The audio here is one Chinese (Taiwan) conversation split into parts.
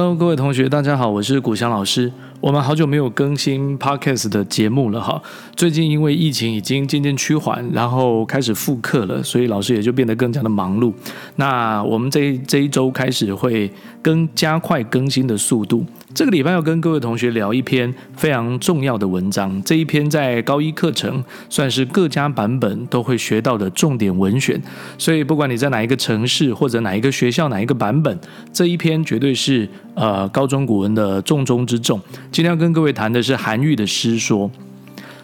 Hello，各位同學，大家好，我是古翔老師。我們好久沒有更新 Podcast 的節目了哈。最近因為疫情已經漸漸趨緩，然後開始復課了，所以老師也就變得更加的忙碌。那我們這這一周開始會更加快更新的速度。這個禮拜要跟各位同學聊一篇非常重要的文章，這一篇在高一課程算是各家版本都會學到的重點文選，所以不管你在哪一個城市或者哪一個學校，哪一個版本，這一篇絕對是呃高中古文的重中之重。今天要跟各位談的是韓愈的《師說》。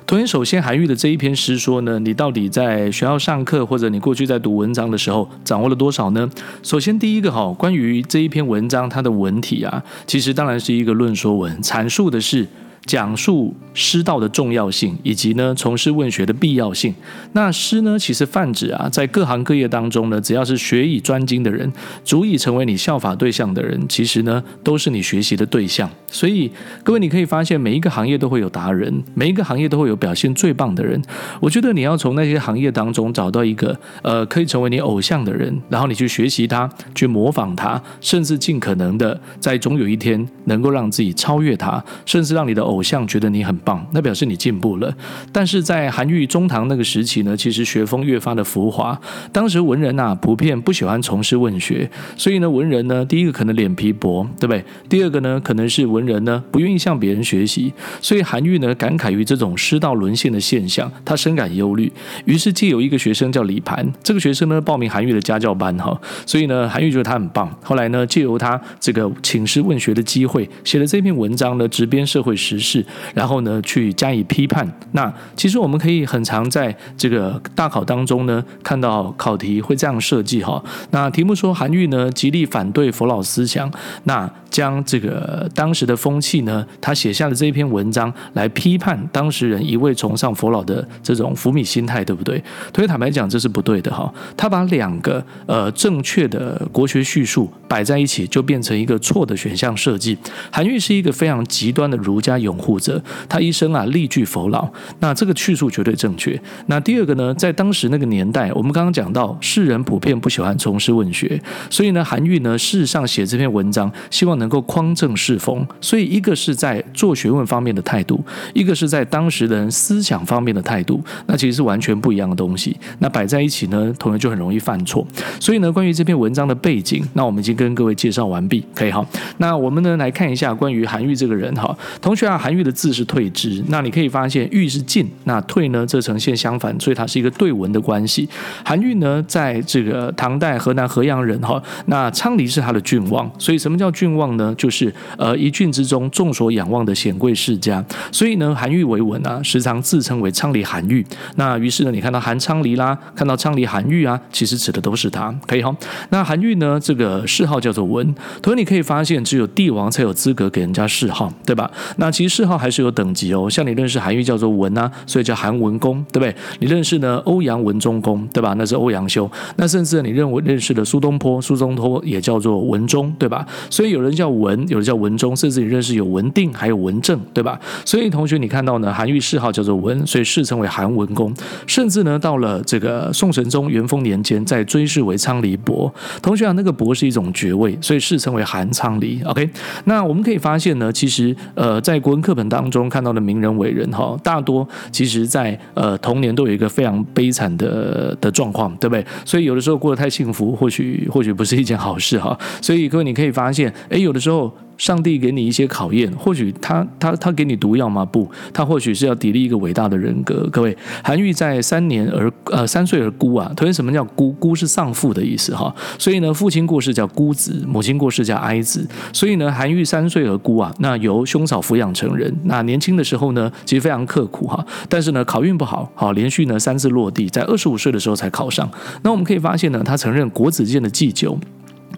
同學，首先韓愈的這一篇師說呢，你到底在學校上課或者你過去在讀文章的時候掌握了多少呢？首先，第一個哈，關於這一篇文章它的文體啊，其實當然是一個論說文，闡述的是。講述師道的重要性，以及呢從事問學的必要性。那師呢，其實泛指啊，在各行各業當中呢，只要是學以專精的人，足以成為你效法對象的人，其實呢，都是你學習的對象。所以，各位你可以發現，每一個行業都會有達人，每一個行業都會有表現最棒的人。我覺得你要從那些行業當中找到一個，呃，可以成為你偶像的人，然後你去學習他，去模仿他，甚至盡可能的，在總有一天能夠讓自己超越他，甚至讓你的偶。偶像覺得你很棒，那表示你進步了。但是在韓愈中唐那個時期呢，其實學風越發的浮華。當時文人吶普遍不喜歡從師問學，所以呢文人呢第一個可能臉皮薄，對不對？第二個呢可能是文人呢不願意向別人學習，所以韓愈呢感慨於這種師道淪陷的現象，他深感憂慮。於是借由一個學生叫李蟠，這個學生呢報名韓愈的家教班哈，所以呢韓愈覺得他很棒。後來呢借由他這個請師問學的機會，寫了這篇文章呢直編社會時是，然後呢，去加以批判。那其實我們可以很常在這個大考當中呢，看到考題會這樣設計哈。那題目說韓愈呢極力反對佛老思想，那將這個當時的風氣呢，他寫下了這一篇文章來批判當時人一味崇尚佛老的這種浮靡心態，對不對？所以坦白講，這是不對的哈。他把兩個呃正確的國學敘述擺在一起，就變成一個錯的選項設計。韓愈是一個非常極端的儒家有。護着他一生啊，力拒佛老。那這個敘述絕對正確。那第二個呢，在當時那個年代，我們剛剛講到，世人普遍不喜歡從師問學，所以呢，韓愈呢事實上寫這篇文章，希望能夠匡正世風。所以，一個是在做學問方面的態度，一個是在當時的人思想方面的態度，那其實是完全不一樣的東西。那擺在一起呢，同學就很容易犯錯。所以呢，關於這篇文章的背景，那我們已經跟各位介紹完畢，可以哈。那我們呢來看一下關於韓愈這個人哈，同學啊。韓愈的字是退之，那你可以發現，愈是進，那退呢？這呈現相反，所以它是一個對文的關係。韓愈呢，在這個唐代河南河陽人哈，那昌黎是他的郡望，所以什麼叫郡望呢？就是呃，一郡之中眾所仰望的顯貴世家。所以呢，韓愈為文啊，時常自稱為昌黎韓愈。那於是呢，你看到韓昌黎啦，看到昌黎韓愈啊，其實指的都是他，可以哈、哦。那韓愈呢，這個諡號叫做文，同時你可以發現，只有帝王才有資格給人家諡號，對吧？那其。諡號還是有等級哦，像你認識韓愈叫做文啊，所以叫韓文公，對不對？你認識呢，歐陽文忠公，對吧？那是歐陽修。那甚至你認為認識的蘇東坡，蘇東坡也叫做文忠，對吧？所以有人叫文，有人叫文忠，甚至你認識有文定，還有文正，對吧？所以同學你看到呢，韓愈諡號叫做文，所以世稱為韓文公。甚至呢，到了這個宋神宗元豐年間，再追諡為昌黎伯。同學啊，那個伯是一種爵位，所以世稱為韓昌黎。OK，那我們可以發現呢，其實呃，在國文課本當中看到的名人偉人哈，大多其實在，在呃童年都有一個非常悲慘的的狀況，對不對？所以有的時候過得太幸福，或許或許不是一件好事哈。所以各位你可以發現，哎，有的時候。上帝給你一些考驗，或許他他他給你毒藥嗎？不，他或許是要砥礪一個偉大的人格。各位，韓愈在三年而呃三歲而孤啊，同學，什麼叫孤？孤是喪父的意思哈。所以呢，父親過世叫孤子，母親過世叫哀子。所以呢，韓愈三歲而孤啊，那由兄嫂撫養成人。那年輕的時候呢，其實非常刻苦哈，但是呢，考運不好，好連續呢三次落第，在二十五歲的時候才考上。那我們可以發現呢，他曾任國子監的祭酒。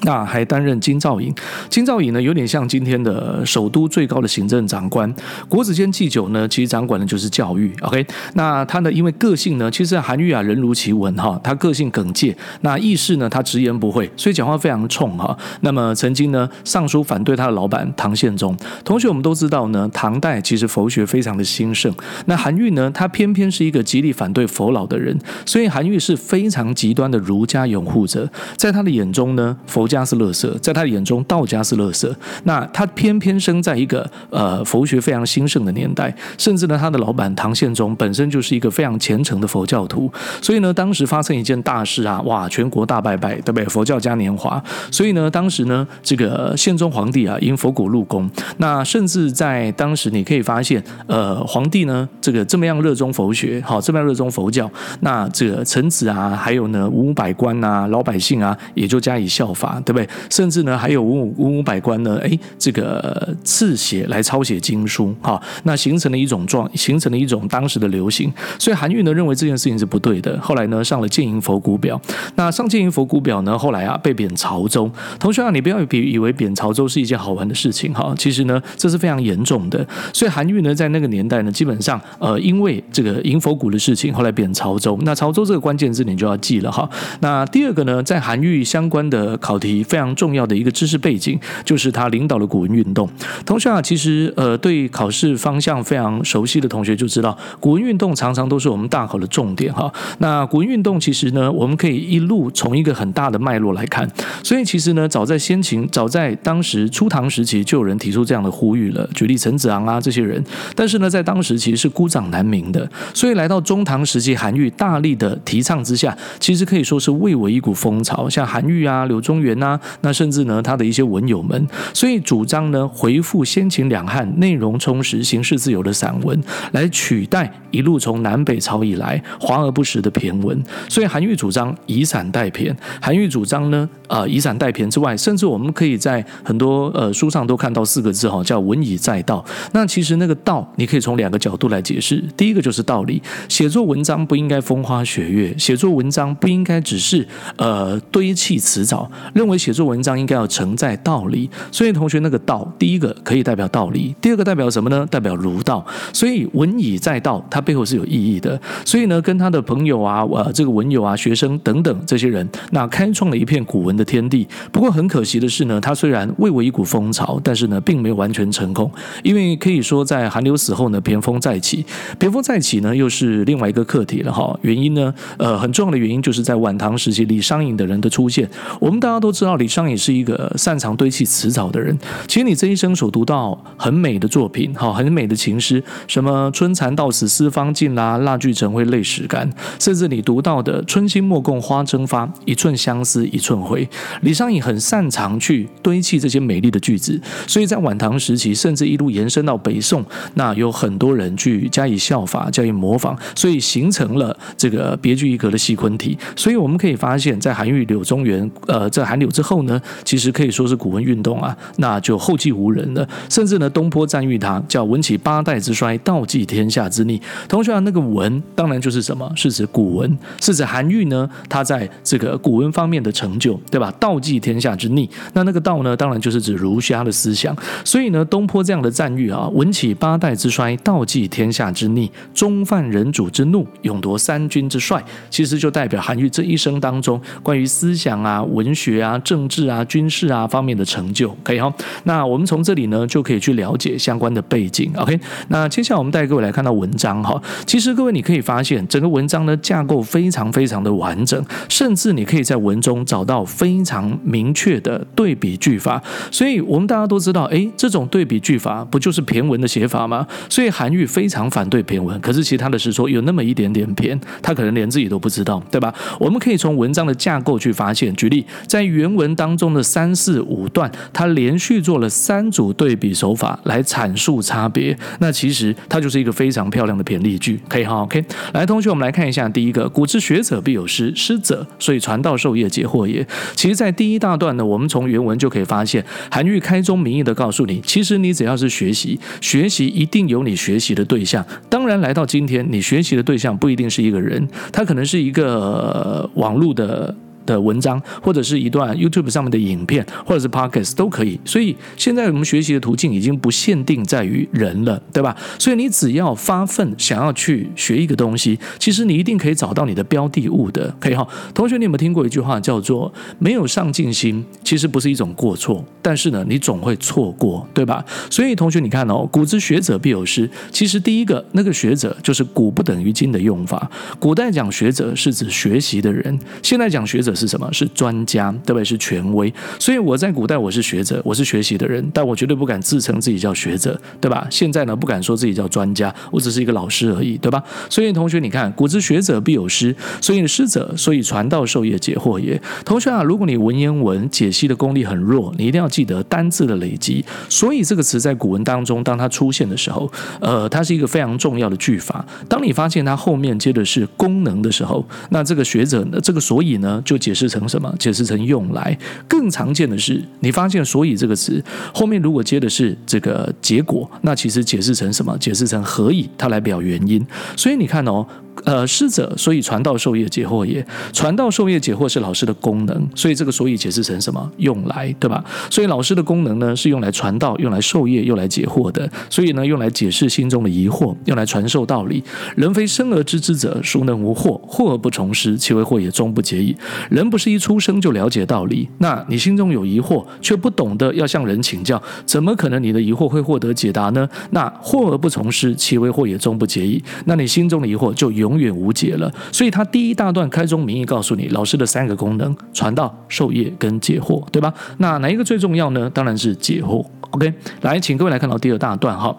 那、啊、還擔任京兆尹，京兆尹呢，有點像今天的首都最高的行政長官。國子監祭酒呢，其實掌管的就是教育。OK，那他的因為個性呢，其實韓愈啊，人如其文哈、哦，他個性耿介，那議事呢，他直言不諱，所以講話非常衝哈、哦。那麼曾經呢，上書反對他的老板唐憲宗。同學我們都知道呢，唐代其實佛學非常的興盛，那韓愈呢，他偏偏是一個極力反對佛老的人，所以韓愈是非常極端的儒家擁護者，在他的眼中呢，佛。家是垃圾，在他的眼中，道家是垃圾。那他偏偏生在一個呃佛學非常興盛的年代，甚至呢，他的老闆唐憲宗本身就是一個非常虔誠的佛教徒。所以呢，當時發生一件大事啊，哇，全國大拜拜，對不對？佛教嘉年華。所以呢，當時呢，這個憲宗皇帝啊，迎佛骨入宮。那甚至在當時，你可以發現，呃，皇帝呢，這個這麼樣熱衷佛學，好，這麼樣熱衷佛教，那這個臣子啊，還有呢，五百官啊，老百姓啊，也就加以效法。對不對？甚至呢，還有文武文武百官呢，哎，這個刺、呃、血來抄寫經書，哈、哦，那形成了一種狀，形成了一種當時的流行。所以韓愈呢，認為這件事情是不對的。後來呢，上了《諫迎佛骨表》。那上《諫迎佛骨表》呢，後來啊，被貶潮州。同學啊，你不要以以為貶潮州是一件好玩的事情，哈、哦，其實呢，這是非常嚴重的。所以韓愈呢，在那個年代呢，基本上，呃，因為這個迎佛骨的事情，後來貶潮州。那潮州這個關鍵字你就要記了，哈、哦。那第二個呢，在韓愈相關的考題。非常重要的一個知識背景，就是他領導的古文運動。同學啊，其實呃，對考試方向非常熟悉的同學就知道，古文運動常常都是我們大考的重點哈、哦。那古文運動其實呢，我們可以一路從一個很大的脈絡來看。所以其實呢，早在先秦，早在當時初唐時期，就有人提出這樣的呼籲了，舉例陳子昂啊這些人。但是呢，在當時其實是孤掌難鳴的，所以來到中唐時期，韓愈大力的提倡之下，其實可以說是蔚為一股風潮，像韓愈啊、柳宗元。那、啊、那甚至呢，他的一些文友們，所以主張呢，恢復先秦兩漢內容充實、形式自由的散文，來取代一路從南北朝以來華而不實的駢文。所以韓愈主張以散代駢。韓愈主張呢，呃，以散代駢之外，甚至我們可以在很多呃書上都看到四個字哈，叫文以載道。那其實那個道，你可以從兩個角度來解釋。第一個就是道理，寫作文章不應該風花雪月，寫作文章不應該只是呃堆砌辭藻。認為寫作文章應該要承載道理所以同學那個“道”，第一個可以代表道理，第二個代表什麼呢？代表儒道。所以文以載道，它背後是有意義的。所以呢，跟他的朋友啊、呃，這個文友啊、學生等等這些人，那開創了一片古文的天地。不過很可惜的是呢，他雖然蔚為一股風潮，但是呢，並沒有完全成功。因為可以說，在韓愈死後呢，駢風再起，駢風再起呢，又是另外一個課題了哈、哦。原因呢，呃，很重要的原因就是在晚唐時期李商隱的人的出現，我們大家都。知道李商隱是一個擅長堆砌辭藻的人。其實你這一生所讀到很美的作品，好，很美的情詩，什麼“春蠶到死絲方盡”啦，“蠟炬成灰淚始乾”，甚至你讀到的“春心莫共花爭發，一寸相思一寸灰”。李商隱很擅長去堆砌這些美麗的句子，所以在晚唐時期，甚至一路延伸到北宋，那有很多人去加以效法、加以模仿，所以形成了這個別具一格的西崑體。所以我們可以發現，在韓愈、柳宗元，呃，在韓柳。之後呢，其實可以說是古文運動啊，那就後繼無人了。甚至呢，東坡讚譽他叫“文起八代之衰，道濟天下之溺”。同學啊，那個“文”當然就是什麼？是指古文，是指韓愈呢？他在這個古文方面的成就，對吧？“道濟天下之溺”，那那個“道”呢，當然就是指儒家的思想。所以呢，東坡這樣的讚譽啊，“文起八代之衰，道濟天下之溺，忠犯人主之怒，勇奪三軍之帥”，其實就代表韓愈這一生當中關於思想啊、文學啊。啊，政治啊、軍事啊方面的成就，可以哈、哦。那我們從這裡呢，就可以去了解相關的背景。OK，那接下來我們帶各位來看到文章哈、哦。其實各位，你可以發現整個文章的架構非常非常的完整，甚至你可以在文中找到非常明確的對比句法。所以，我們大家都知道，哎，這種對比句法不就是駢文的寫法嗎？所以韓愈非常反對駢文，可是其他的師說有那麼一點點駢，他可能連自己都不知道，對吧？我們可以從文章的架構去發現。舉例在於原文當中的三四五段，它連續做了三組對比手法來闡述差別。那其實它就是一個非常漂亮的駢儷句，可以哈 OK, okay. 來，同學，我們來看一下第一個：古之學者必有師，師者，所以傳道授業解惑也。其實，在第一大段呢，我們從原文就可以發現，韓愈開宗明義地告訴你，其實你只要是學習，學習一定有你學習的對象。當然，來到今天，你學習的對象不一定是一個人，他可能是一個網絡的。的文章，或者是一段 YouTube 上面的影片，或者是 Podcast 都可以。所以現在我們學習的途徑已經不限定在於人了，對吧？所以你只要發奮想要去學一個東西，其實你一定可以找到你的標的物的。可以哈，同學，你有沒有聽過一句話叫做“沒有上進心，其實不是一種過錯，但是呢，你總會錯過，對吧？”所以同學，你看哦，“古之學者必有師”，其實第一個那個“學者”就是“古不等於今”的用法。古代講學者是指學習的人，現在講學者。是什麼？是專家，對不對？是權威。所以我在古代我是學者，我是學習的人，但我絕對不敢自稱自己叫學者，對吧？現在呢，不敢說自己叫專家，我只是一個老師而已，對吧？所以同學，你看，古之學者必有師，所以師者，所以傳道授業解惑也。同學啊，如果你文言文解析的功力很弱，你一定要記得單字的累積。所以這個詞在古文當中，當它出現的時候，呃，它是一個非常重要的句法。當你發現它後面接的是功能的時候，那這個學者呢，這個所以呢，就。解釋成什麼？解釋成用來。更常見的是，你發現所以這個詞後面如果接的是這個結果，那其實解釋成什麼？解釋成何以它來表原因。所以你看哦。呃，師者，所以傳道授業解惑也。傳道授業解惑是老師的功能，所以這個所以解釋成什麼？用來，對吧？所以老師的功能呢，是用來傳道、用來授業、用來解惑的。所以呢，用來解釋心中的疑惑，用來傳授道理。人非生而知之者，孰能無惑？惑而不從師，其為惑也，終不解矣。人不是一出生就了解道理，那你心中有疑惑，卻不懂得要向人請教，怎麼可能你的疑惑會獲得解答呢？那惑而不從師，其為惑也，終不解矣。那你心中的疑惑就有。永遠無解了，所以他第一大段開宗明義告訴你老師的三個功能：傳道、授業跟解惑，對吧？那哪一個最重要呢？當然是解惑。OK，來，請各位來看到第二大段哈。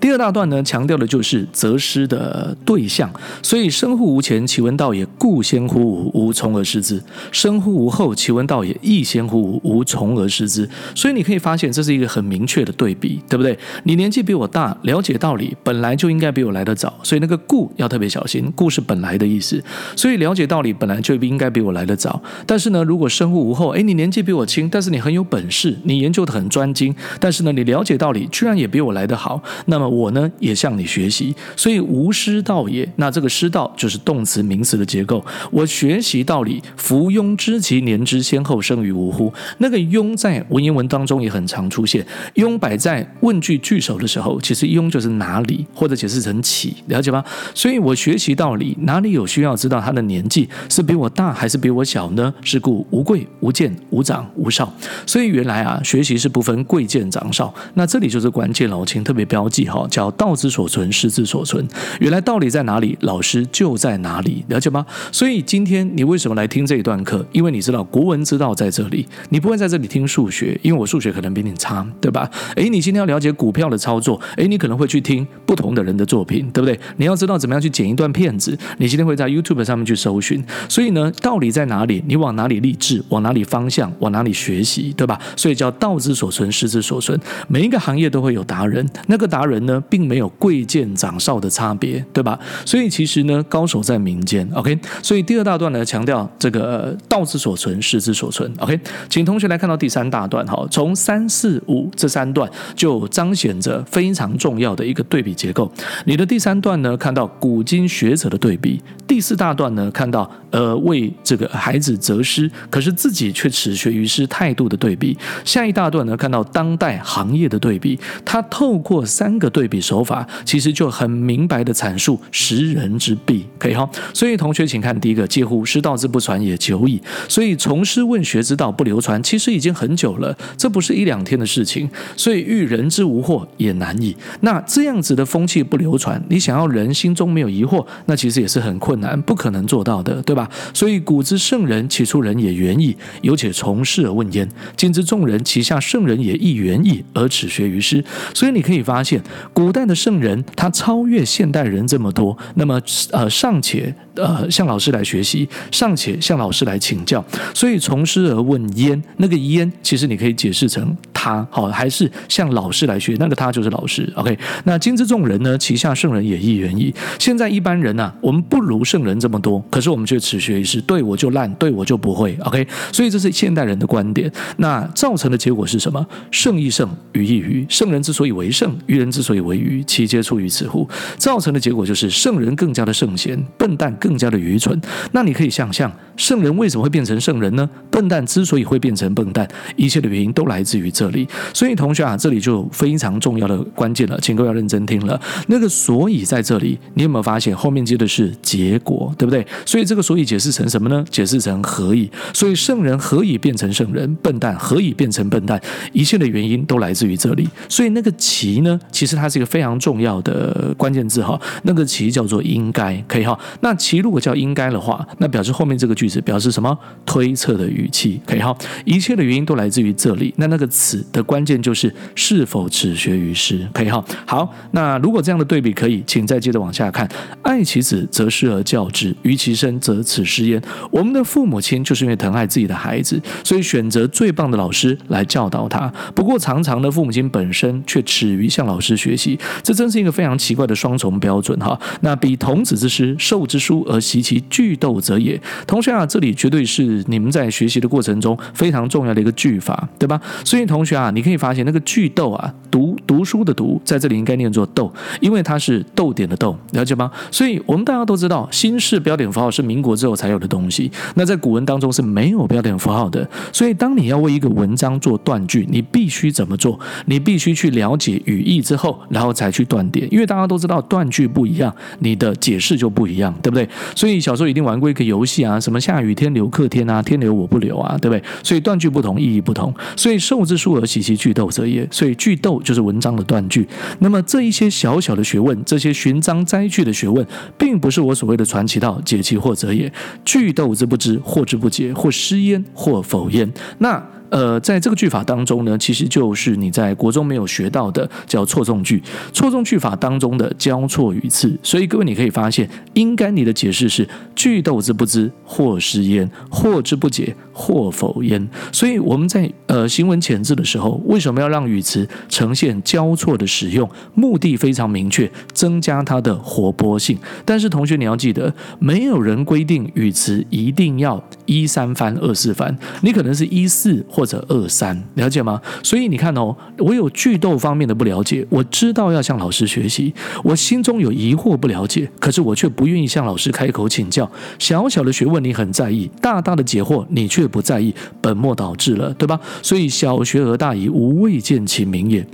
第二大段呢，強調的就是擇師的對象，所以生乎吾前，其聞道也固先乎吾，吾從而師之；生乎吾後，其聞道也亦先乎吾，吾從而師之。所以你可以發現，這是一個很明確的對比，對不對？你年紀比我大，了解道理本來就應該比我來得早，所以那個固要特別小心，固是本來的意思。所以了解道理本來就應該比我來得早。但是呢，如果生乎吾後，誒，你年紀比我輕，但是你很有本事，你研究得很專精，但是呢，你了解道理居然也比我來得好。那麼我呢，也向你學習，所以吾師道也。那這個師道就是動詞名詞的結構。我學習道理，夫庸知其年之先後生於吾乎？那個庸在文言文當中也很常出現。庸擺在問句句首的時候，其實庸就是哪裡，或者解釋成豈，了解嗎？所以，我學習道理，哪裡有需要知道他的年紀是比我大還是比我小呢？是故無貴無賤，無長無、無少。所以原來啊，學習是不分貴賤長少。那這裡就是關鍵，老秦特別標。牢記哈，叫道之所存，師之所存。原來道理在哪裡，老師就在哪裡，了解嗎？所以今天你為什麼來聽這一段課？因為你知道國文之道在這裡，你不會在這裡聽數學，因為我數學可能比你差，對吧？誒，你今天要了解股票的操作，誒，你可能會去聽。不同的人的作品，對不對？你要知道怎麼樣去剪一段片子，你今天會在 YouTube 上面去搜尋。所以呢，道理在哪裡？你往哪裡立志？往哪裡方向？往哪裡學習？對吧？所以叫道之所存，師之所存。每一個行業都會有達人，那個達人呢，並沒有貴賤長少的差別，對吧？所以其實呢，高手在民間。OK，所以第二大段呢，強調這個道之所存，師之所存。OK，請同學來看到第三大段，哈，從三四五這三段就彰顯着非常重要的一個對比。結構，你的第三段呢，看到古今學者的對比；第四大段呢，看到呃為這個孩子擇師，可是自己卻恥學於師態度的對比。下一大段呢，看到當代行業的對比。他透過三個對比手法，其實就很明白的闡述識人之弊。可以哈、哦，所以同學請看第一個，嗟乎師道之不傳也久矣，所以從師問學之道不流傳，其實已經很久了，這不是一兩天的事情。所以欲人之無惑也難矣。那這樣子的。風氣不流傳，你想要人心中沒有疑惑，那其實也是很困難，不可能做到的，對吧？所以古之聖人，其出人也遠矣，猶且從師而問焉。今之眾人，其下聖人也亦遠矣，而恥學於師。所以你可以發現，古代的聖人他超越現代人這麼多，那麼呃尚且呃向老師來學習，尚且向老師來請教，所以從師而問焉。那個焉其實你可以解釋成他，好，還是向老師來學，那個他就是老師。OK，那今之眾。聖人呢？其下聖人也亦遠矣。現在一般人呢、啊，我們不如聖人這麼多，可是我們卻恥學於師。對，我就爛，對，我就不會。OK，所以這是現代人的觀點。那造成的結果是什麼？聖益聖，愚益愚。聖人之所以為聖，愚人之所以為愚，其皆出於此乎？造成的結果就是聖人更加的聖賢，笨蛋更加的愚蠢。那你可以想象，聖人為什麼會變成聖人呢？笨蛋之所以會變成笨蛋，一切的原因都來自於這裡。所以同學啊，這裡就有非常重要的關鍵了，請各位要認真聽了。那個所以在這裡，你有沒有發現後面接的是結果，對不對？所以這個所以解釋成什麼呢？解釋成何以。所以聖人何以變成聖人？笨蛋何以變成笨蛋？一切的原因都來自於這裡。所以那個其呢，其實它是一個非常重要的關鍵字哈。那個其叫做應該，可以哈。那其如果叫應該的話，那表示後面這個句子表示什麼？推測的語氣，可以哈。一切的原因都來自於這裡。那那個詞的關鍵就是是否恥學於師，可以哈。好，那。如果這樣的對比可以，請再接着往下看。愛其子，擇師而教之；於其身，則恥師焉。我們的父母親就是因為疼愛自己的孩子，所以選擇最棒的老師來教導他。不過，常常呢，父母親本身卻恥於向老師學習，這真是一個非常奇怪的雙重標準哈。那彼童子之師，授之書而習其句讀者也。同學啊，這裡絕對是你們在學習的過程中非常重要的一個句法，對吧？所以，同學啊，你可以發現那個句讀啊，讀讀書的讀在這裡應該念作“鬥”。因為它是逗點的逗，了解嗎？所以我們大家都知道，新式標點符號是民國之後才有的東西。那在古文當中是沒有標點符號的。所以，當你要為一個文章做斷句，你必須怎麼做？你必須去了解語義之後，然後才去斷點。因為大家都知道，斷句不一樣，你的解釋就不一樣，對不對？所以小時候一定玩過一個遊戲啊，什麼下雨天留客天啊，天留我不留啊，對不對？所以斷句不同，意義不同。所以授之書而習其句讀者也，所以句讀就是文章的斷句。那麼這一些。小小的學問，這些尋章摘句的學問，並不是我所謂的傳其道，解其惑者也。句讀之不知，惑之不解，或師焉，或否焉。那呃，在這個句法當中呢，其實就是你在國中沒有學到的，叫錯綜句。錯綜句法當中的交錯語次，所以各位你可以發現，應該你的解釋是句讀之不知，或師焉，惑之不解，或否焉？所以我們在呃行文遣字的時候，為什麼要讓語詞呈現交錯的使用？目的非常明確，增加它的活潑性。但是同學，你要記得，沒有人規定語詞一定要一三翻二四翻，你可能是一四或者二三，了解嗎？所以你看哦，我有句讀方面的不了解，我知道要向老師學習，我心中有疑惑不了解，可是我卻不願意向老師開口請教。小小的學問你很在意，大大的解惑你卻。不在意，本末倒置了，對吧？所以小學而大遺，吾未見其明也。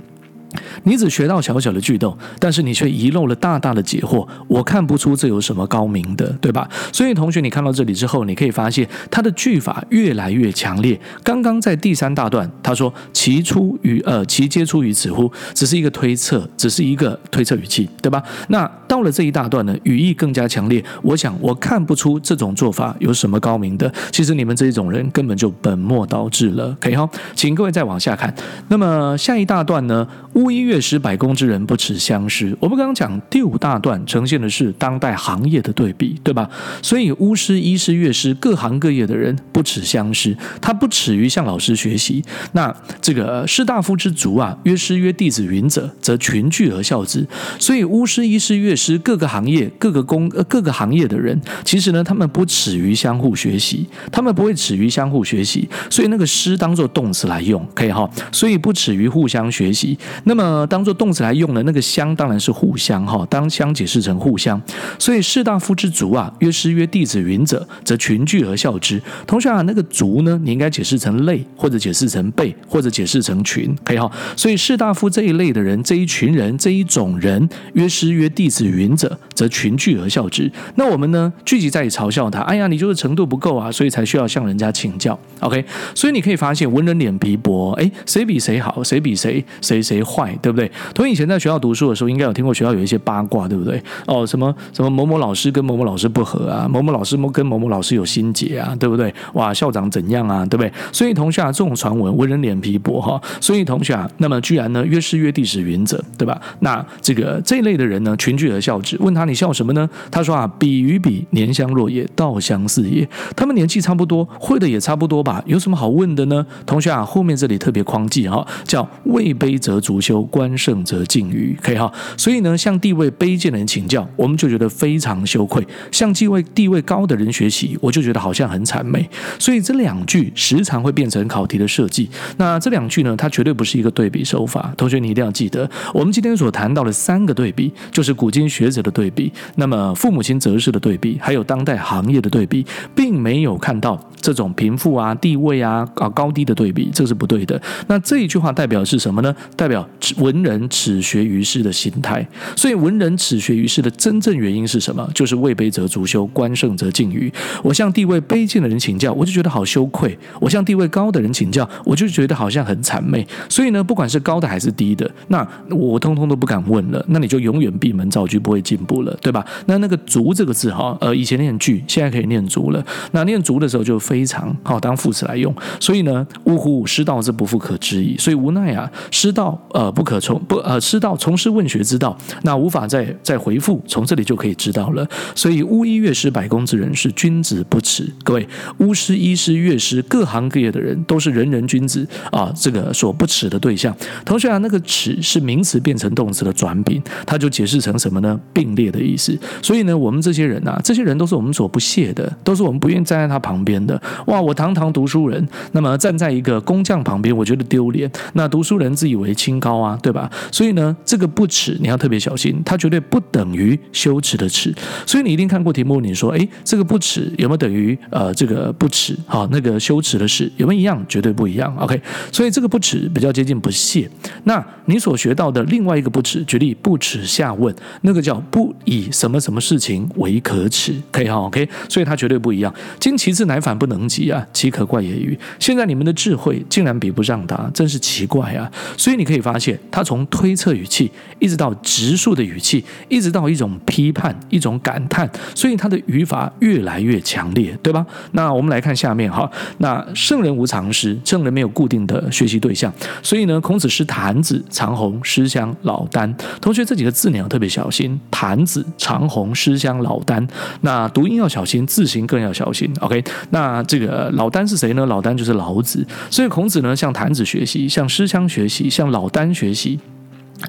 你只學到小小的句讀，但是你卻遺漏了大大的解惑。我看不出這有什麼高明的，對吧？所以同學，你看到這裡之後，你可以發現他的句法越來越強烈。剛剛在第三大段，他說“其出於呃，其皆出於此乎”，只是一個推測，只是一個推測語氣，對吧？那到了這一大段呢，語義更加強烈。我想，我看不出這種做法有什麼高明的。其實你們這種人根本就本末倒置了。可以哈、哦，請各位再往下看。那麼下一大段呢？巫醫樂師百工之人，不恥相師。我們剛剛講第五大段呈現的是當代行業的對比，對吧？所以巫師、醫師、樂師，各行各業的人不恥相師，他不恥於向老師學習。那這個、呃、士大夫之族啊，曰師曰弟子云者，則群聚而笑之。所以巫師、醫師、樂師，各個行業、各個工呃各個行業的人，其實呢，他們不恥於相互學習，他們不會恥於相互學習。所以那個師當做動詞來用，可以哈、哦。所以不恥於互相學習。那那麼當做動詞來用的那個相當然是互相哈、哦，當相解釋成互相，所以士大夫之族啊，曰師曰弟子云者，則群聚而笑之。同學啊，那個族呢，你應該解釋成類，或者解釋成輩，或者解釋成群，可以哈、哦。所以士大夫這一類的人，這一群人，這一種人，曰師曰弟子云者，則群聚而笑之。那我們呢，聚集在嘲笑他，哎呀，你就是程度不夠啊，所以才需要向人家請教。OK，所以你可以發現文人臉皮薄，哎，誰比誰好，誰比誰，誰誰。壞對不對？同學以前在學校讀書的時候，應該有聽過學校有一些八卦，對不對？哦，什麼什麼某某老師跟某某老師不合啊，某某老師跟某某老師有心結啊，對不對？哇，校長怎樣啊，對不對？所以同學啊，這種傳聞，為人臉皮薄哈、哦。所以同學啊，那麼居然呢，曰師曰弟子云者，對吧？那這個這一類的人呢，群聚而笑之，問他你笑什麼呢？他說啊，彼與彼，年相若也，道相似也。他們年紀差不多，會的也差不多吧，有什麼好問的呢？同學啊，後面這裡特別框記啊、哦，叫位卑則足羞，官盛則近諛，可以哈，所以呢，向地位卑賤的人請教，我們就覺得非常羞愧；向地位地位高的人學習，我就覺得好像很諂媚。所以這兩句時常會變成考題的設計。那這兩句呢，它絕對不是一個對比手法。同學，你一定要記得，我們今天所談到的三個對比，就是古今學者的對比，那麼父母親擇師的對比，還有當代行業的對比，並沒有看到這種貧富啊、地位啊、啊高低的對比，這是不對的。那這一句話代表是什麼呢？代表。文人恥學於師的心態，所以文人恥學於師的真正原因是什麼？就是位卑則足羞，官盛則近諛。我向地位卑賤的人請教，我就覺得好羞愧；我向地位高的人請教，我就覺得好像很諂媚。所以呢，不管是高的還是低的，那我通通都不敢問了。那你就永遠閉門造句，不會進步了，對吧？那那個“足”這個字哈，呃，以前念句，現在可以念足了。那念足的時候就非常好，當副詞來用。所以呢，嗚呼，師道之不復可知矣。所以無奈啊，師道呃。呃，不可從不，呃，師道，從師問學之道，那無法再再回復。從這裡就可以知道了。所以巫醫樂師百工之人，是君子不齒。各位巫師、醫師、樂師，各行各業的人，都是人人君子啊，這個所不齒的對象。同學啊，那個“齒”是名詞變成動詞的轉品，它就解釋成什麼呢？並列的意思。所以呢，我們這些人啊，這些人都是我們所不屑的，都是我們不願意站在他旁邊的。哇，我堂堂讀書人，那麼站在一個工匠旁邊，我覺得丟臉。那讀書人自以為清高。啊，對吧？所以呢，這個不恥你要特別小心，它絕對不等於羞恥的恥。所以你一定看過題目，你說，哎，這個不恥有沒有等於呃這個不恥啊、哦？那個羞恥的是，有沒有一樣？絕對不一樣。OK，所以這個不恥比較接近不屑。那你所學到的另外一個不恥，舉例不恥下問，那個叫不以什麼什麼事情為可恥，可以哈、哦？OK，所以它絕對不一樣。今其智乃反不能及啊，其可怪也歟。現在你們的智慧竟然比不上他，真是奇怪啊！所以你可以發現。他從推測語氣，一直到直述的語氣，一直到一種批判，一種感嘆，所以他的語法越來越強烈，對吧？那我們來看下面哈。那聖人無常師，聖人沒有固定的學習對象，所以呢，孔子師郯子、萇弘、師襄、老聃，同學這幾個字呢，特別小心。郯子、萇弘、師襄、老聃。那讀音要小心，字形更要小心。OK，那這個老聃是誰呢？老聃就是老子。所以孔子呢，向郯子學習，向師襄學習，向老聃學習。學習。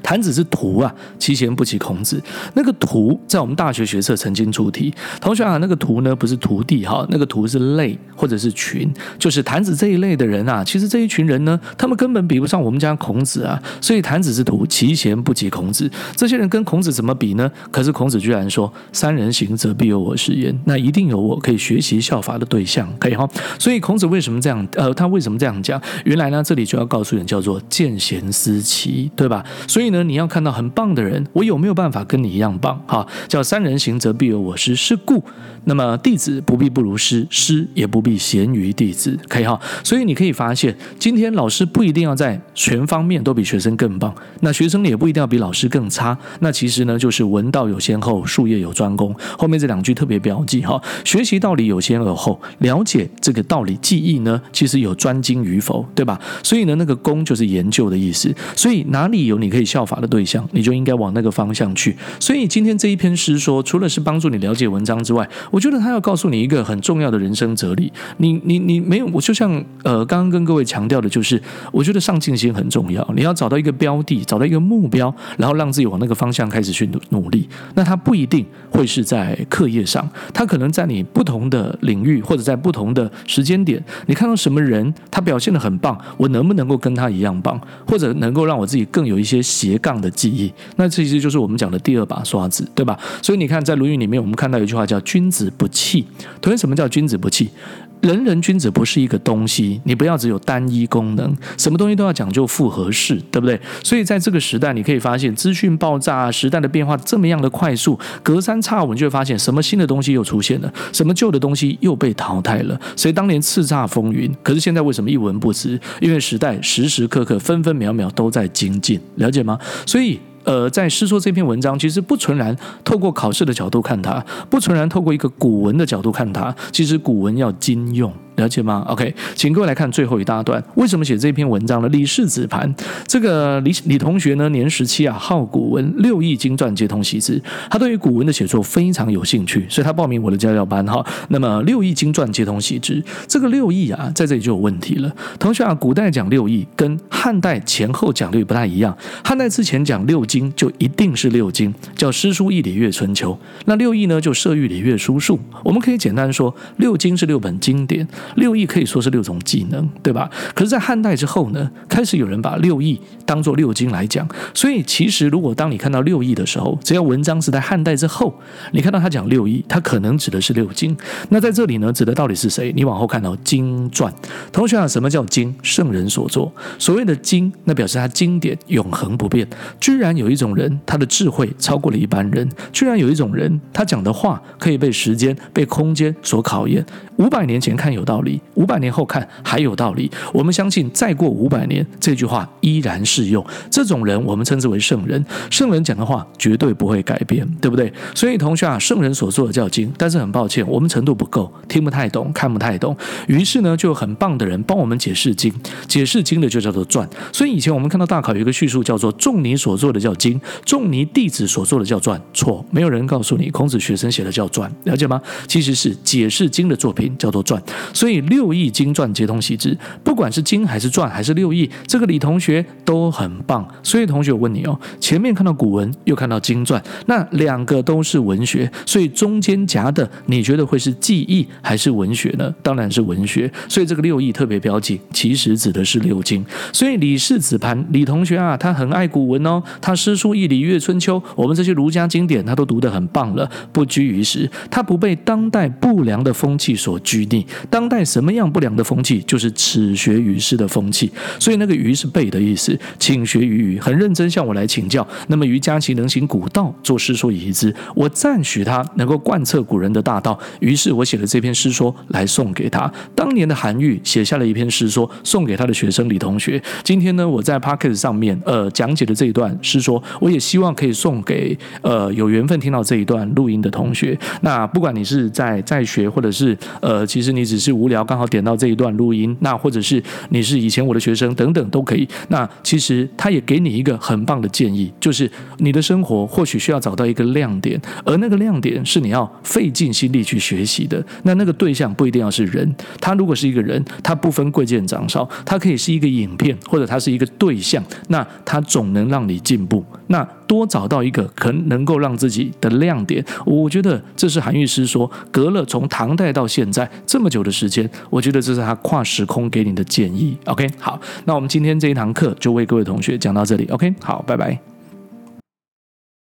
郯子之徒啊，其賢不及孔子。那個徒在我們大學學測曾經出題，同學啊，那個徒呢不是徒弟哈、哦，那個徒是類或者是群，就是郯子這一類的人啊。其實這一群人呢，他們根本比不上我們家孔子啊。所以郯子之徒，其賢不及孔子。這些人跟孔子怎麼比呢？可是孔子居然說，三人行則必有我師焉，那一定有我可以學習效法的對象，可以哈、哦。所以孔子為什麼這樣？呃，他為什麼這樣講？原來呢，這裡就要告訴人叫做見賢思齊，對吧？所以呢，你要看到很棒的人，我有沒有辦法跟你一樣棒？哈、啊，叫三人行則必有我師，是故，那麼弟子不必不如師，師也不必賢於弟子，可以哈。所以你可以發現，今天老師不一定要在全方面都比學生更棒，那學生也不一定要比老師更差。那其實呢，就是聞道有先後，術業有專攻。後面這兩句特別標記哈、啊，學習道理有先而後，了解這個道理技藝呢，其實有專精與否，對吧？所以呢，那個“攻”就是研究的意思。所以哪裡有你可以，效法的對象，你就應該往那個方向去。所以今天這一篇師說，除了是幫助你了解文章之外，我覺得他要告訴你一個很重要的人生哲理。你、你、你沒有，我就像呃，剛剛跟各位強調的，就是我覺得上進心很重要。你要找到一個標的，找到一個目標，然後讓自己往那個方向開始去努努力。那他不一定會是在課業上，他可能在你不同的領域，或者在不同的時間點，你看到什麼人，他表現得很棒，我能不能夠跟他一樣棒，或者能夠讓我自己更有一些斜槓的記憶，那這其實就是我們講的第二把刷子，對吧？所以你看，在《論語》裡面，我們看到有一句話叫“君子不器”。同學，什麼叫“君子不器”？人人君子不是一個東西，你不要只有單一功能，什麼東西都要講究複合式，對不對？所以在這個時代，你可以發現資訊爆炸，時代的變化這麼樣的快速，隔三差五你就會發現什麼新的東西又出現了，什麼舊的東西又被淘汰了。所以當年叱吒風雲，可是現在為什麼一文不值？因為時代時時刻刻、分分秒秒都在精進，了解嗎？所以。呃，在師說這篇文章，其實不純然透過考試的角度看它，不純然透過一個古文的角度看它，其實古文要今用。了解嗎？OK，請各位來看最後一大段。為什麼寫這篇文章呢？李氏子盤，這個李李同學呢，年十七啊，好古文，六藝經傳皆通習之。他對於古文的寫作非常有興趣，所以他報名我的家教班哈。那麼六藝經傳皆通習之，這個六藝啊，在這裡就有問題了。同學啊，古代講六藝跟漢代前後講六不太一樣。漢代之前講六經就一定是六經，叫詩書易禮樂春秋。那六藝呢，就射御禮樂書數。我們可以簡單說，六經是六本經典。六藝可以說是六種技能，對吧？可是，在漢代之後呢，開始有人把六藝當作六經來講。所以，其實如果當你看到六藝的時候，只要文章是在漢代之後，你看到他講六藝，他可能指的是六經。那在這裡呢，指的到底是誰？你往後看到、哦《經傳》，同學啊，什麼叫經？聖人所作，所謂的經，那表示它經典永恆不變。居然有一種人，他的智慧超過了一般人；居然有一種人，他講的話可以被時間、被空間所考驗。五百年前看有道。道理五百年後看還有道理，我們相信再過五百年這句話依然適用。這種人我們稱之為聖人，聖人講的話絕對不會改變，對不對？所以同學啊，聖人所做的叫經，但是很抱歉，我們程度不夠，聽不太懂，看不太懂。於是呢，就很棒的人幫我們解釋經，解釋經的就叫做傳。所以以前我們看到大考有一個敘述叫做仲尼所做的叫經，仲尼弟子所做的叫傳。錯，沒有人告訴你孔子學生寫的叫傳，了解嗎？其實是解釋經的作品叫做傳。所以。所以六藝經傳皆通習之，不管是經還是傳還是六藝，這個李同學都很棒。所以同學，我問你哦，前面看到古文，又看到經傳，那兩個都是文學，所以中間夾的，你覺得會是技藝還是文學呢？當然是文學。所以這個六藝特別標記，其實指的是六經。所以李氏子盤，李同學啊，他很愛古文哦，他詩書易禮樂春秋，我們這些儒家經典，他都讀得很棒了，不拘於時，他不被當代不良的風氣所拘泥，當代。在什麼樣不良的風氣，就是恥學於師的風氣。所以那個“於”是“被”的意思，請學於余，很認真向我來請教。那麼，余嘉其能行古道，作師說以貽之，我贊許他能夠貫徹古人的大道。於是我寫了這篇師說來送給他。當年的韓愈寫下了一篇師說，送給他的學生李同學。今天呢，我在 Podcast 上面呃講解的這一段師說，我也希望可以送給呃有緣分聽到這一段錄音的同學。那不管你是在在學，或者是呃，其實你只是。無聊，剛好點到這一段錄音，那或者是你是以前我的學生等等都可以。那其實他也給你一個很棒的建議，就是你的生活或許需要找到一個亮點，而那個亮點是你要費盡心力去學習的。那那個對象不一定要是人，他如果是一個人，他不分貴賤長少，他可以是一個影片，或者他是一個對象，那他總能讓你進步。那多找到一個可能，能夠讓自己的亮點，我覺得這是韓愈師說，隔了從唐代到現在這麼久的時間，我覺得這是他跨時空給你的建議。OK，好，那我們今天這一堂課就為各位同學講到這裡。OK，好，拜拜。